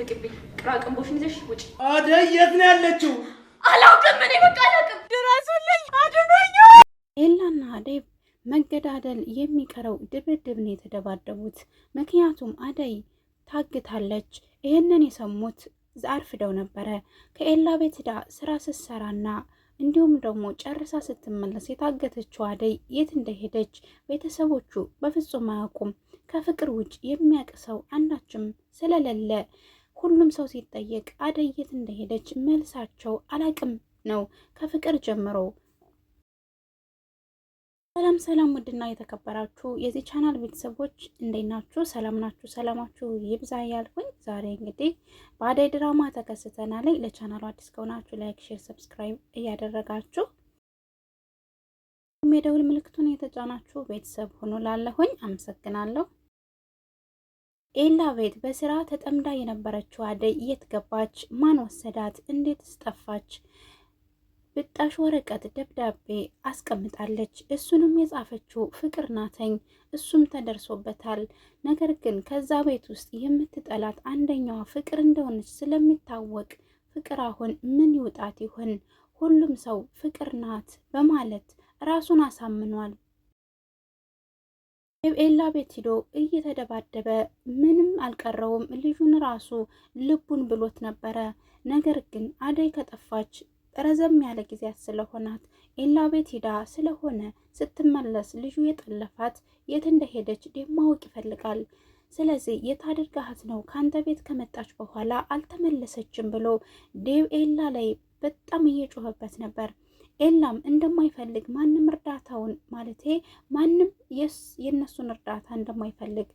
ልቅብኝ ቅራቅንቦሽን ይዘሽ ውጭ። አደይ የት ነው ያለችው? አላውቅም እኔ በቃ አላውቅም። ድረሱልኝ፣ አድኑኝ። ኤላና አደይ መገዳደል የሚቀረው ድብድብ ነው የተደባደቡት። ምክንያቱም አደይ ታግታለች። ይህንን የሰሙት አርፍደው ነበረ። ከኤላ ቤት ዳ ስራ ስትሰራና እንዲሁም ደግሞ ጨርሳ ስትመለስ የታገተችው አደይ የት እንደሄደች ቤተሰቦቹ በፍጹም አያውቁም። ከፍቅር ውጭ የሚያውቅ ሰው አንዳችም ስለሌለ ሁሉም ሰው ሲጠየቅ አደይ የት እንደሄደች መልሳቸው አላቅም ነው ከፍቅር ጀምሮ። ሰላም ሰላም፣ ውድና የተከበራችሁ የዚህ ቻናል ቤተሰቦች እንዴት ናችሁ? ሰላም ናችሁ? ሰላማችሁ ይብዛ ያልኩኝ። ዛሬ እንግዲህ በአደይ ድራማ ተከስተናል። ለቻናሉ አዲስ ከሆናችሁ ላይክ፣ ሼር፣ ሰብስክራይብ እያደረጋችሁ የደውል ምልክቱን የተጫናችሁ ቤተሰብ ሆኖ ላለሁኝ አመሰግናለሁ። ኤላ ቤት በስራ ተጠምዳ የነበረችው አደይ የት ገባች? ማን ወሰዳት? እንዴት ስጠፋች? ብጣሽ ወረቀት ደብዳቤ አስቀምጣለች። እሱንም የጻፈችው ፍቅር ናተኝ። እሱም ተደርሶበታል። ነገር ግን ከዛ ቤት ውስጥ የምትጠላት አንደኛዋ ፍቅር እንደሆነች ስለሚታወቅ ፍቅር አሁን ምን ይውጣት ይሆን? ሁሉም ሰው ፍቅር ናት በማለት ራሱን አሳምኗል። ኤላ ቤት ሂዶ እየተደባደበ ምንም አልቀረውም። ልጁን ራሱ ልቡን ብሎት ነበረ። ነገር ግን አደይ ከጠፋች ረዘም ያለ ጊዜያት ስለሆናት ኤላ ቤት ሂዳ ስለሆነ ስትመለስ ልጁ የጠለፋት የት እንደሄደች ማወቅ ይፈልጋል። ስለዚህ የታደርጋሃት ነው ከአንተ ቤት ከመጣች በኋላ አልተመለሰችም ብሎ ዴብ ኤላ ላይ በጣም እየጮኸበት ነበር። ኤላም እንደማይፈልግ ማንም እርዳታውን ማለቴ ማንም የእነሱን እርዳታ እንደማይፈልግ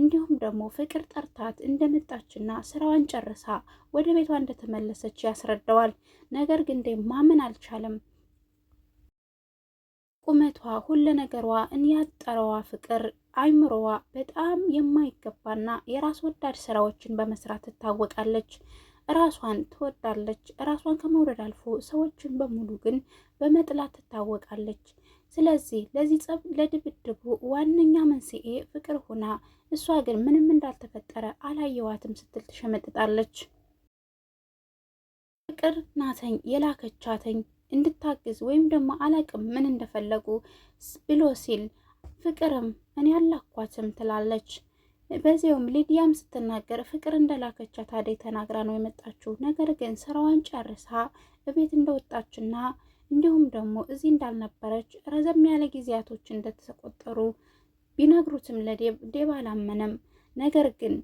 እንዲሁም ደግሞ ፍቅር ጠርታት እንደመጣችና ስራዋን ጨርሳ ወደ ቤቷ እንደተመለሰች ያስረዳዋል። ነገር ግን ዴ ማመን አልቻለም። ቁመቷ፣ ሁለ ነገሯ፣ እንያጠረዋ ፍቅር አይምሮዋ በጣም የማይገባና የራስ ወዳድ ስራዎችን በመስራት ትታወቃለች። ራሷን ትወዳለች። ራሷን ከመውደድ አልፎ ሰዎችን በሙሉ ግን በመጥላት ትታወቃለች። ስለዚህ ለዚህ ጸብ ለድብድቡ ዋነኛ መንስኤ ፍቅር ሆና እሷ ግን ምንም እንዳልተፈጠረ አላየዋትም ስትል ትሸመጥጣለች። ፍቅር ናተኝ የላከቻተኝ እንድታግዝ ወይም ደግሞ አላቅም ምን እንደፈለጉ ብሎ ሲል ፍቅርም እኔ ያላኳትም ትላለች። በዚያውም ሊዲያም ስትናገር ፍቅር እንደላከቻት አደይ ተናግራ ነው የመጣችው። ነገር ግን ስራዋን ጨርሳ እቤት እንደወጣችና እንዲሁም ደግሞ እዚህ እንዳልነበረች ረዘም ያለ ጊዜያቶች እንደተቆጠሩ ቢነግሩትም ለዴብ ዴብ አላመነም። ነገር ግን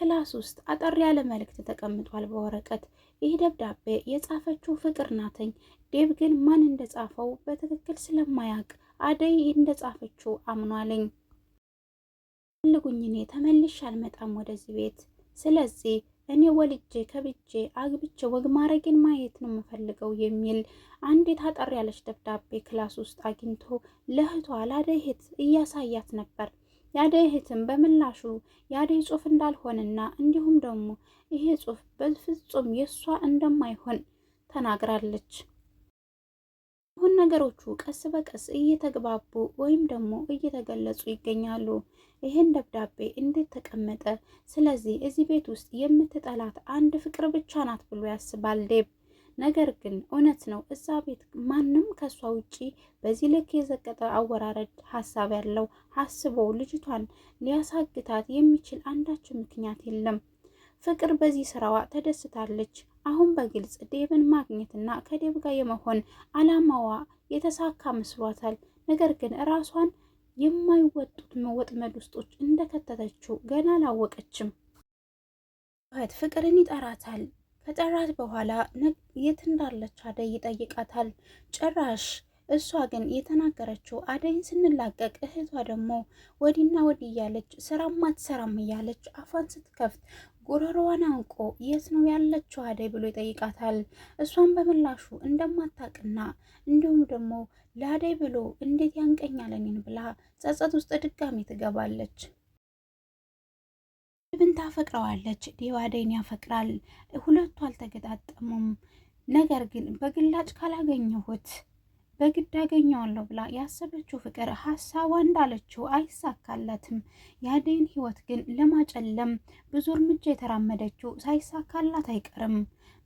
ክላስ ውስጥ አጠር ያለ መልእክት ተቀምጧል በወረቀት። ይህ ደብዳቤ የጻፈችው ፍቅር ናተኝ። ዴብ ግን ማን እንደጻፈው በትክክል ስለማያውቅ አደይ ይህ እንደጻፈችው አምኗለኝ። ፈልጉኝ፣ እኔ ተመልሼ አልመጣም ወደዚህ ቤት። ስለዚህ እኔ ወልጄ ከብጄ አግብቼ ወግ ማድረጌን ማየት ነው የምፈልገው የሚል አንዲት አጠር ያለች ደብዳቤ ክላስ ውስጥ አግኝቶ ለእህቷ ለአደይ እያሳያት ነበር። የአደይ በምላሹ የአደይ ጽሑፍ እንዳልሆነና እንዲሁም ደግሞ ይሄ ጽሑፍ በፍጹም የእሷ እንደማይሆን ተናግራለች። አሁን ነገሮቹ ቀስ በቀስ እየተግባቡ ወይም ደግሞ እየተገለጹ ይገኛሉ። ይህን ደብዳቤ እንዴት ተቀመጠ? ስለዚህ እዚህ ቤት ውስጥ የምትጠላት አንድ ፍቅር ብቻ ናት ብሎ ያስባል ዴብ። ነገር ግን እውነት ነው፣ እዛ ቤት ማንም ከእሷ ውጪ በዚህ ልክ የዘቀጠ አወራረድ ሀሳብ ያለው አስቦ ልጅቷን ሊያሳግታት የሚችል አንዳች ምክንያት የለም። ፍቅር በዚህ ስራዋ ተደስታለች። አሁን በግልጽ ዴብን ማግኘትና ከዴብ ጋር የመሆን አላማዋ የተሳካ መስሏታል። ነገር ግን ራሷን የማይወጡት ወጥመድ ውስጦች እንደከተተችው ገና አላወቀችም። ውህት ፍቅርን ይጠራታል። ከጠራት በኋላ የት እንዳለች አደይ ይጠይቃታል። ጭራሽ እሷ ግን የተናገረችው አደይን ስንላቀቅ እህቷ ደግሞ ወዲና ወዲ እያለች ስራም አትሰራም እያለች አፏን ስትከፍት ጉሮሮዋን አንቆ የት ነው ያለችው አደይ ብሎ ይጠይቃታል። እሷን በምላሹ እንደማታውቅና እንዲሁም ደግሞ ለአደይ ብሎ እንዴት ያንቀኛል እኔን ብላ ጸጸት ውስጥ ድጋሚ ትገባለች። ድብን ታፈቅረዋለች፣ ዲብ አደይን ያፈቅራል። ሁለቱ አልተገጣጠሙም። ነገር ግን በግላጭ ካላገኘሁት በግድ ያገኘዋለሁ ብላ ያሰበችው ፍቅር ሀሳቧ እንዳለችው አይሳካላትም። የአደይን ህይወት ግን ለማጨለም ብዙ እርምጃ የተራመደችው ሳይሳካላት አይቀርም።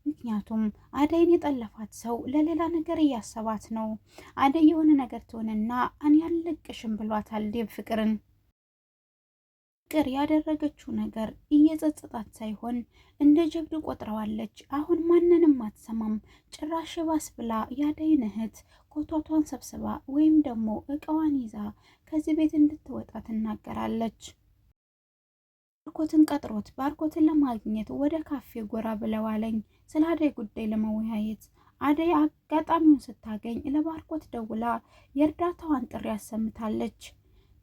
ምክንያቱም አደይን የጠለፋት ሰው ለሌላ ነገር እያሰባት ነው። አደይ የሆነ ነገር ትሆንና እኔ አልለቅሽም ብሏታል ዴብ ፍቅርን። ፍቅር ያደረገችው ነገር እየጸጸጣት ሳይሆን እንደ ጀብድ ቆጥረዋለች። አሁን ማንንም አትሰማም። ጭራሽ ባስ ብላ ያደይን እህት ሆቷቷን ሰብስባ ወይም ደግሞ እቃዋን ይዛ ከዚህ ቤት እንድትወጣ ትናገራለች። ባርኮትን ቀጥሮት ባርኮትን ለማግኘት ወደ ካፌ ጎራ ብለዋለኝ ስለ አደይ ጉዳይ ለመወያየት። አደይ አጋጣሚውን ስታገኝ ለባርኮት ደውላ የእርዳታዋን ጥሪ አሰምታለች።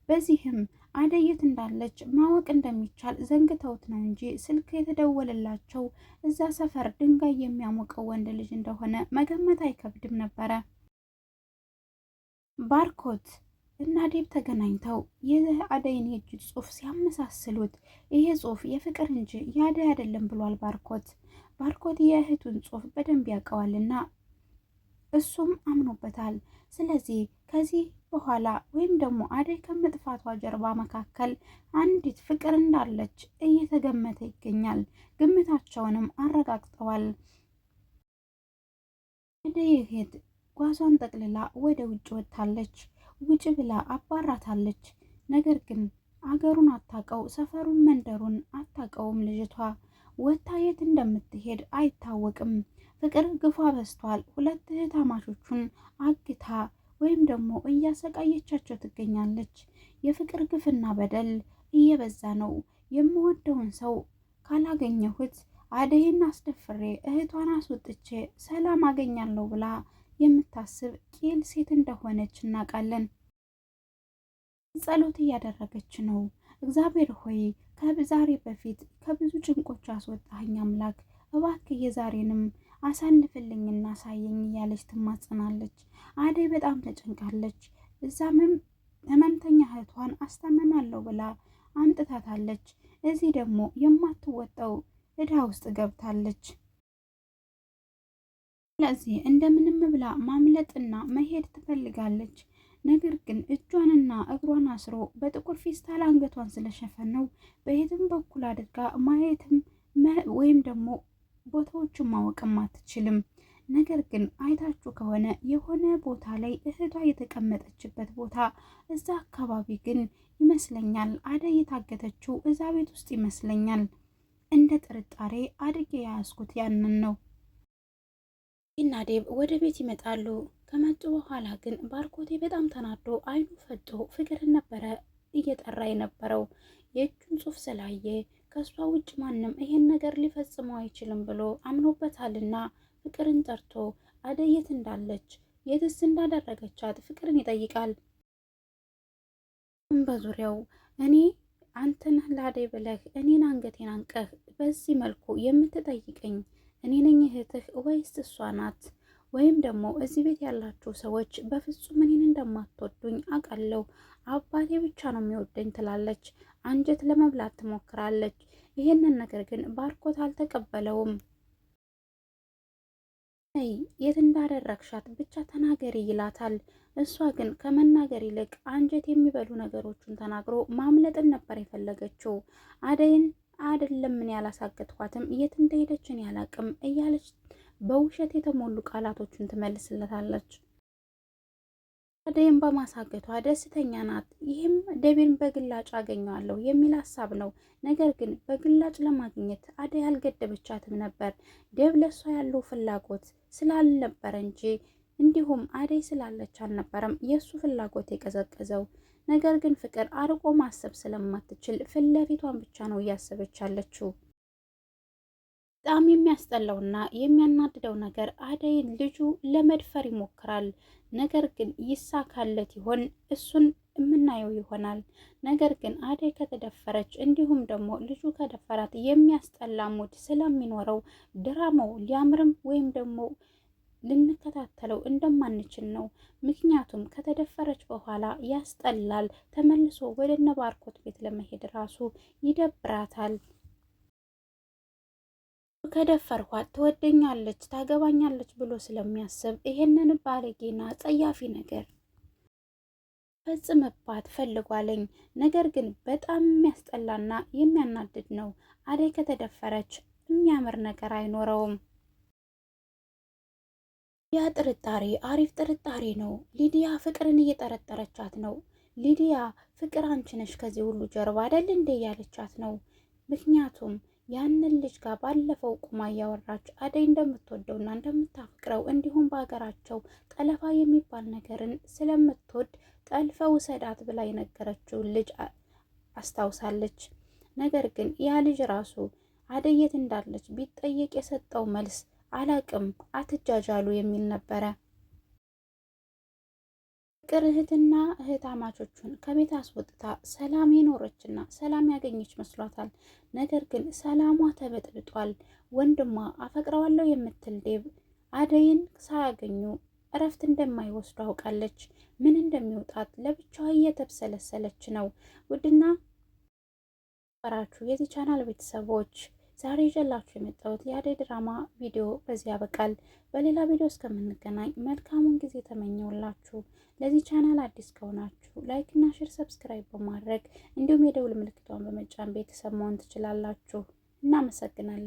በዚህም አደይ የት እንዳለች ማወቅ እንደሚቻል ዘንግተውት ነው እንጂ ስልክ የተደወለላቸው እዛ ሰፈር ድንጋይ የሚያሞቀው ወንድ ልጅ እንደሆነ መገመት አይከብድም ነበረ። ባርኮት እና ዴብ ተገናኝተው የአደይን የእጅ ጽሁፍ ሲያመሳስሉት ይሄ ጽሁፍ የፍቅር እንጂ የአደይ አይደለም ብሏል ባርኮት። ባርኮት የእህቱን ጽሁፍ በደንብ ያውቀዋልና እሱም አምኖበታል። ስለዚህ ከዚህ በኋላ ወይም ደግሞ አደይ ከመጥፋቷ ጀርባ መካከል አንዲት ፍቅር እንዳለች እየተገመተ ይገኛል። ግምታቸውንም አረጋግጠዋል። አደይ እህት ጓዟን ጠቅልላ ወደ ውጭ ወጥታለች። ውጭ ብላ አባራታለች። ነገር ግን አገሩን አታቀው፣ ሰፈሩን መንደሩን አታቀውም። ልጅቷ ወታ የት እንደምትሄድ አይታወቅም። ፍቅር ግፏ በዝቷል። ሁለት እህታማቾቹን አግታ ወይም ደግሞ እያሰቃየቻቸው ትገኛለች። የፍቅር ግፍና በደል እየበዛ ነው። የምወደውን ሰው ካላገኘሁት አደይን አስደፍሬ እህቷን አስወጥቼ ሰላም አገኛለሁ ብላ የምታስብ ቂል ሴት እንደሆነች እናውቃለን። ጸሎት እያደረገች ነው። እግዚአብሔር ሆይ ከዛሬ በፊት ከብዙ ጭንቆች አስወጣኸኝ አምላክ እባክህ የዛሬንም አሳልፍልኝና ሳየኝ እያለች ትማጽናለች። አደይ በጣም ተጨንቃለች። እዛ ህመምተኛ እህቷን አስታመማለሁ ብላ አምጥታታለች። እዚህ ደግሞ የማትወጣው እዳ ውስጥ ገብታለች። ስለዚህ እንደምንም ብላ ማምለጥና መሄድ ትፈልጋለች። ነገር ግን እጇንና እግሯን አስሮ በጥቁር ፌስታል አንገቷን ስለሸፈነው በየትም በኩል አድርጋ ማየትም ወይም ደግሞ ቦታዎችን ማወቅም አትችልም። ነገር ግን አይታችሁ ከሆነ የሆነ ቦታ ላይ እህቷ የተቀመጠችበት ቦታ እዛ አካባቢ ግን ይመስለኛል አደይ የታገተችው እዛ ቤት ውስጥ ይመስለኛል። እንደ ጥርጣሬ አድጌ የያዝኩት ያንን ነው። እና ዴብ ወደ ቤት ይመጣሉ። ከመጡ በኋላ ግን ባርኮቴ በጣም ተናዶ አይኑ ፈጦ ፍቅርን ነበረ እየጠራ የነበረው የእጁን ጽሑፍ ስላየ ከእሷ ውጭ ማንም ይሄን ነገር ሊፈጽመው አይችልም ብሎ አምኖበታልና ፍቅርን ጠርቶ አደይ የት እንዳለች የትስ እንዳደረገቻት ፍቅርን ይጠይቃል። በዙሪያው እኔ አንተን ለአደይ ብለህ እኔን አንገቴን አንቀህ በዚህ መልኩ የምትጠይቀኝ እኔ ነኝ እህትህ ወይስ እሷ ናት? ወይም ደግሞ እዚህ ቤት ያላችሁ ሰዎች በፍጹም እኔን እንደማትወዱኝ አውቃለሁ፣ አባቴ ብቻ ነው የሚወደኝ ትላለች። አንጀት ለመብላት ትሞክራለች። ይህንን ነገር ግን ባርኮት አልተቀበለውም። ይ የት እንዳደረግሻት ብቻ ተናገሪ ይላታል። እሷ ግን ከመናገር ይልቅ አንጀት የሚበሉ ነገሮችን ተናግሮ ማምለጥን ነበር የፈለገችው አደይን አይደለም ምን ያላሳገጥኳትም የት እንደሄደች እኔ አላቅም እያለች በውሸት የተሞሉ ቃላቶችን ትመልስለታለች። አደይም በማሳገቷ ደስተኛ ናት። ይህም ደቤን በግላጭ አገኘዋለሁ የሚል ሀሳብ ነው። ነገር ግን በግላጭ ለማግኘት አደይ አልገደበቻትም ነበር። ደብ ለሷ ያለው ፍላጎት ስላልነበረ እንጂ እንዲሁም አደይ ስላለች አልነበረም የእሱ ፍላጎት የቀዘቀዘው። ነገር ግን ፍቅር አርቆ ማሰብ ስለማትችል ፊት ለፊቷን ብቻ ነው እያሰበች ያለችው። በጣም የሚያስጠላውና የሚያናድደው ነገር አደይን ልጁ ለመድፈር ይሞክራል። ነገር ግን ይሳካለት ይሆን? እሱን የምናየው ይሆናል። ነገር ግን አደይ ከተደፈረች እንዲሁም ደግሞ ልጁ ከደፈራት የሚያስጠላ ሙድ ስለሚኖረው ድራማው ሊያምርም ወይም ደግሞ ልንከታተለው እንደማንችል ነው። ምክንያቱም ከተደፈረች በኋላ ያስጠላል። ተመልሶ ወደ እነ ባርኮት ቤት ለመሄድ ራሱ ይደብራታል። ከደፈርኳት ትወደኛለች፣ ታገባኛለች ብሎ ስለሚያስብ ይሄንን ባለጌና ጸያፊ ነገር ፈጽምባት ፈልጓለኝ። ነገር ግን በጣም የሚያስጠላና የሚያናድድ ነው። አደይ ከተደፈረች የሚያምር ነገር አይኖረውም። ያ ጥርጣሬ አሪፍ ጥርጣሬ ነው። ሊዲያ ፍቅርን እየጠረጠረቻት ነው። ሊዲያ ፍቅር አንቺ ነሽ ከዚህ ሁሉ ጀርባ አይደል እንዴ ያለቻት ነው። ምክንያቱም ያንን ልጅ ጋር ባለፈው ቁማ እያወራች አደይ እንደምትወደውና እንደምታፍቅረው እንዲሁም በሀገራቸው ጠለፋ የሚባል ነገርን ስለምትወድ ጠልፈ ውሰዳት ብላ የነገረችው ልጅ አስታውሳለች። ነገር ግን ያ ልጅ ራሱ አደይ የት እንዳለች ቢጠየቅ የሰጠው መልስ አላቅም አትጃጃሉ የሚል ነበረ። ፍቅር እህትና እህት አማቾቹን ከቤት አስወጥታ ሰላም የኖረችና ሰላም ያገኘች መስሏታል። ነገር ግን ሰላሟ ተበጥብጧል። ወንድሟ አፈቅረዋለሁ የምትል ዴብ አደይን ሳያገኙ እረፍት እንደማይወስዱ አውቃለች። ምን እንደሚወጣት ለብቻዋ እየተብሰለሰለች ነው። ውድና ጠራችሁ የዚህ ቻናል ቤተሰቦች ዛሬ ይዤላችሁ የመጣሁት የአደይ ድራማ ቪዲዮ በዚህ ያበቃል። በሌላ ቪዲዮ እስከምንገናኝ መልካሙን ጊዜ ተመኘውላችሁ። ለዚህ ቻናል አዲስ ከሆናችሁ ላይክ እና ሼር፣ ሰብስክራይብ በማድረግ እንዲሁም የደውል ምልክቷን በመጫን ቤተሰብ መሆን ትችላላችሁ። እናመሰግናለን።